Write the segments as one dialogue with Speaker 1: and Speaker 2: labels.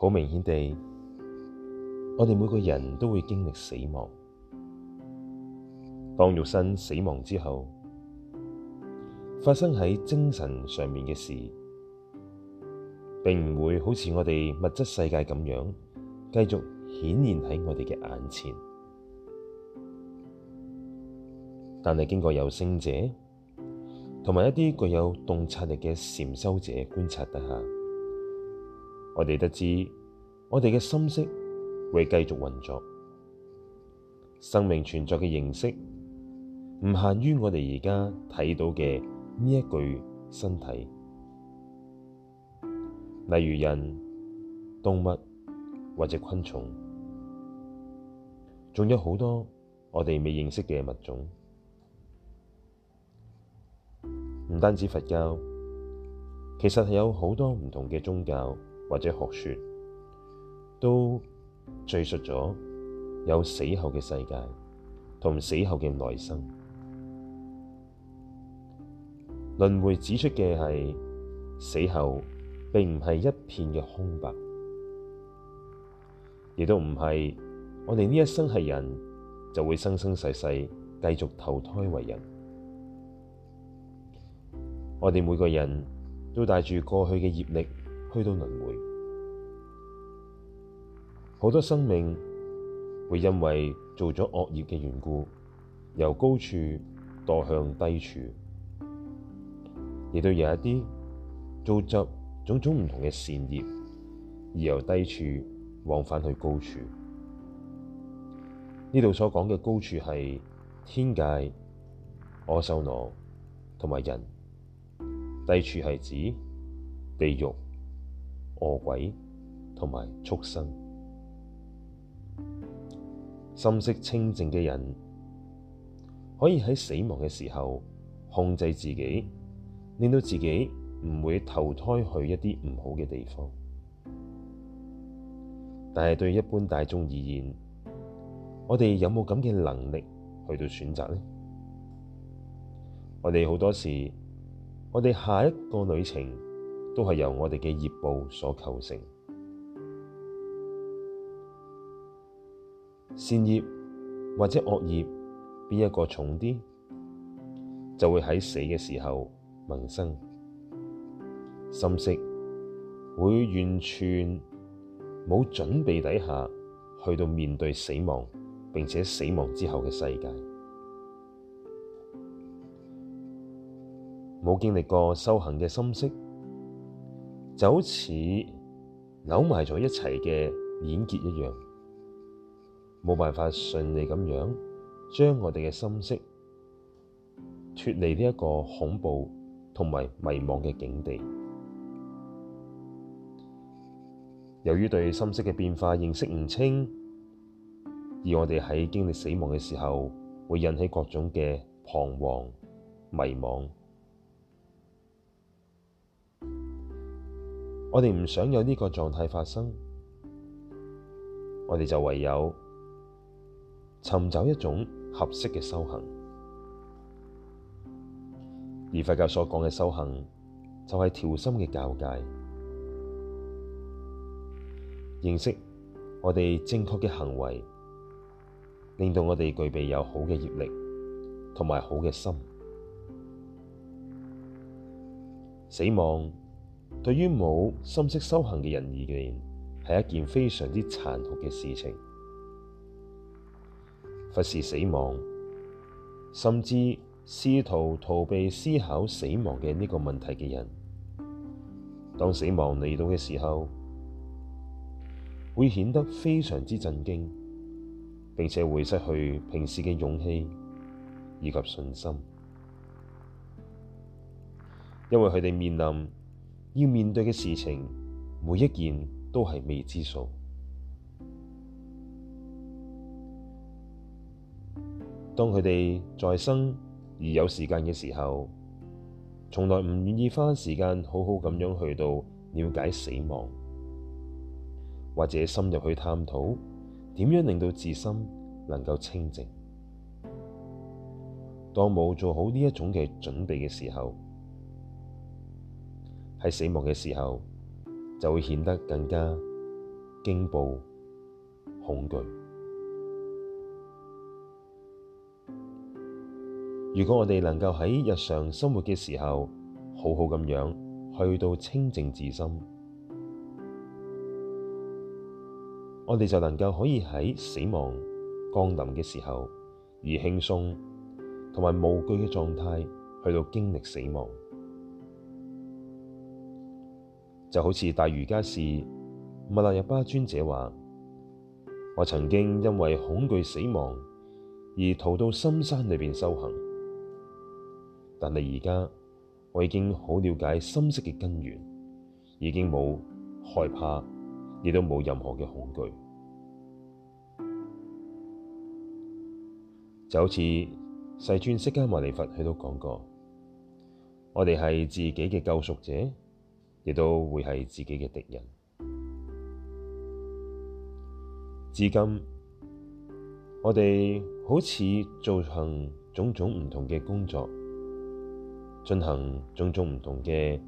Speaker 1: 好明顯地，我哋每個人都會經歷死亡。當肉身死亡之後，發生喺精神上面嘅事，並唔會好似我哋物質世界咁樣，繼續顯現喺我哋嘅眼前。但係經過有聖者同埋一啲具有洞察力嘅禪修者觀察得下。我哋得知，我哋嘅心識會繼續運作，生命存在嘅形式唔限於我哋而家睇到嘅呢一具身體，例如人、動物或者昆蟲，仲有好多我哋未認識嘅物種。唔單止佛教，其實係有好多唔同嘅宗教。或者學說都敘述咗有死後嘅世界同死後嘅來生。輪迴指出嘅係死後並唔係一片嘅空白，亦都唔係我哋呢一生係人就會生生世世繼續投胎為人，我哋每個人都帶住過去嘅業力。去到輪迴，好多生命會因為做咗惡業嘅緣故，由高處墮向低處；亦都有一啲造作種種唔同嘅善業，而由低處往返去高處。呢度所講嘅高處係天界、阿修羅同埋人，低處係指地獄，餓鬼同埋畜生，心識清淨嘅人可以喺死亡嘅時候控制自己，令到自己唔會投胎去一啲唔好嘅地方。但係對一般大眾而言，我哋有冇咁嘅能力去到選擇呢？我哋好多時，我哋下一個旅程。都係由我哋嘅業報所構成，善業或者惡業，邊一個重啲，就會喺死嘅時候萌生心識，會完全冇準備底下去到面對死亡，並且死亡之後嘅世界冇經歷過修行嘅心識。就好似扭埋在一齊嘅鏈結一樣，冇辦法順利咁樣將我哋嘅心識脫離呢一個恐怖同埋迷惘嘅境地。由於對心識嘅變化認識唔清，而我哋喺經歷死亡嘅時候，會引起各種嘅彷徨、迷惘。我哋唔想有呢個狀態發生，我哋就唯有尋找一種合適嘅修行。而佛教所講嘅修行，就係、是、調心嘅教誡，認識我哋正確嘅行為，令到我哋具備有好嘅業力，同埋好嘅心，死亡。對於冇心識修行嘅人而言，係一件非常之殘酷嘅事情。忽視死亡，甚至試圖逃避思考死亡嘅呢個問題嘅人，當死亡嚟到嘅時候，會顯得非常之震驚，並且會失去平時嘅勇氣以及信心，因為佢哋面臨。要面對嘅事情，每一件都係未知數。當佢哋在生而有時間嘅時候，從來唔願意花時間好好咁樣去到了解死亡，或者深入去探討點樣令到自心能夠清靜。當冇做好呢一種嘅準備嘅時候，喺死亡嘅時候就會顯得更加驚怖、恐懼。如果我哋能夠喺日常生活嘅時候好好咁樣去到清淨自心，我哋就能夠可以喺死亡降臨嘅時候以輕鬆同埋無懼嘅狀態去到經歷死亡。就好似大瑜伽士密勒日巴尊者話，我曾經因為恐懼死亡而逃到深山裏邊修行，但係而家我已經好了解心識嘅根源，已經冇害怕，亦都冇任何嘅恐懼。就好似世尊釋迦牟尼佛喺度講過，我哋係自己嘅救贖者。亦都會係自己嘅敵人。至今，我哋好似做行種種唔同嘅工作，進行種種唔同嘅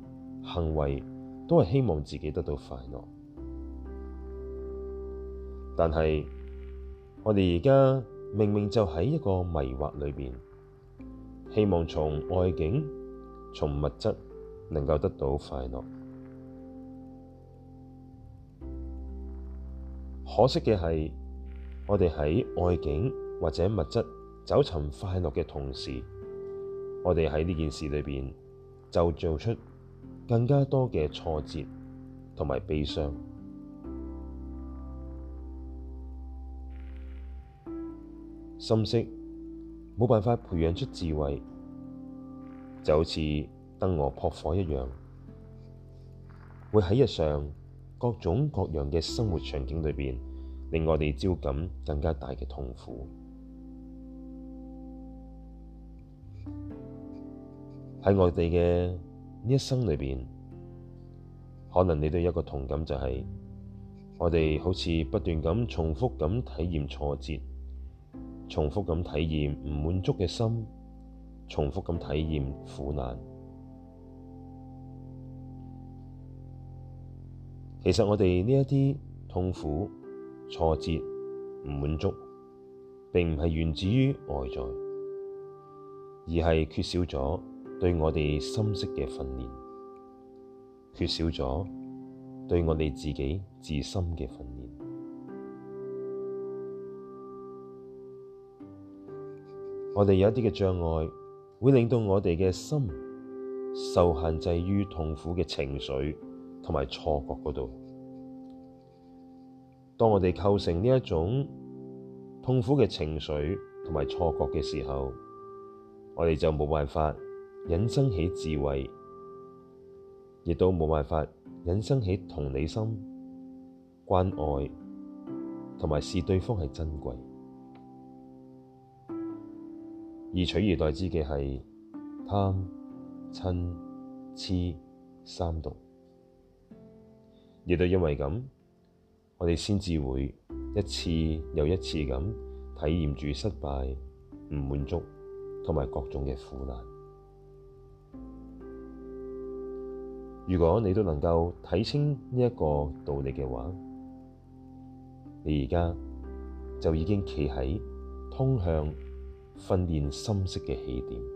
Speaker 1: 行為，都係希望自己得到快樂。但係我哋而家明明就喺一個迷惑裏邊，希望從外境、從物質能夠得到快樂。可惜嘅係，我哋喺外境或者物質找尋快樂嘅同時，我哋喺呢件事裏邊就做出更加多嘅挫折同埋悲傷，深色冇辦法培養出智慧，就好似燈蛾撲火一樣，會喺日常，各種各樣嘅生活場景裏邊，令我哋招感更加大嘅痛苦。喺我哋嘅呢一生裏邊，可能你都有一個同感，就係，就係我哋好似不斷咁重複咁體驗挫折，重複咁體驗唔滿足嘅心，重複咁體驗苦難。其實我哋呢一啲痛苦、挫折、唔滿足，並唔係源自於外在，而係缺少咗對我哋心識嘅訓練，缺少咗對我哋自己自心嘅訓練。我哋有一啲嘅障礙，會令到我哋嘅心受限制於痛苦嘅情緒。同埋錯覺嗰度，當我哋構成呢一種痛苦嘅情緒同埋錯覺嘅時候，我哋就冇辦法引生起智慧，亦都冇辦法引生起同理心、關愛同埋視對方係珍貴，而取而代之嘅係貪、瞋、痴三毒。亦都因為咁，我哋先至會一次又一次咁體驗住失敗、唔滿足同埋各種嘅苦難。如果你都能夠睇清呢一個道理嘅話，你而家就已經企喺通向訓練心識嘅起點。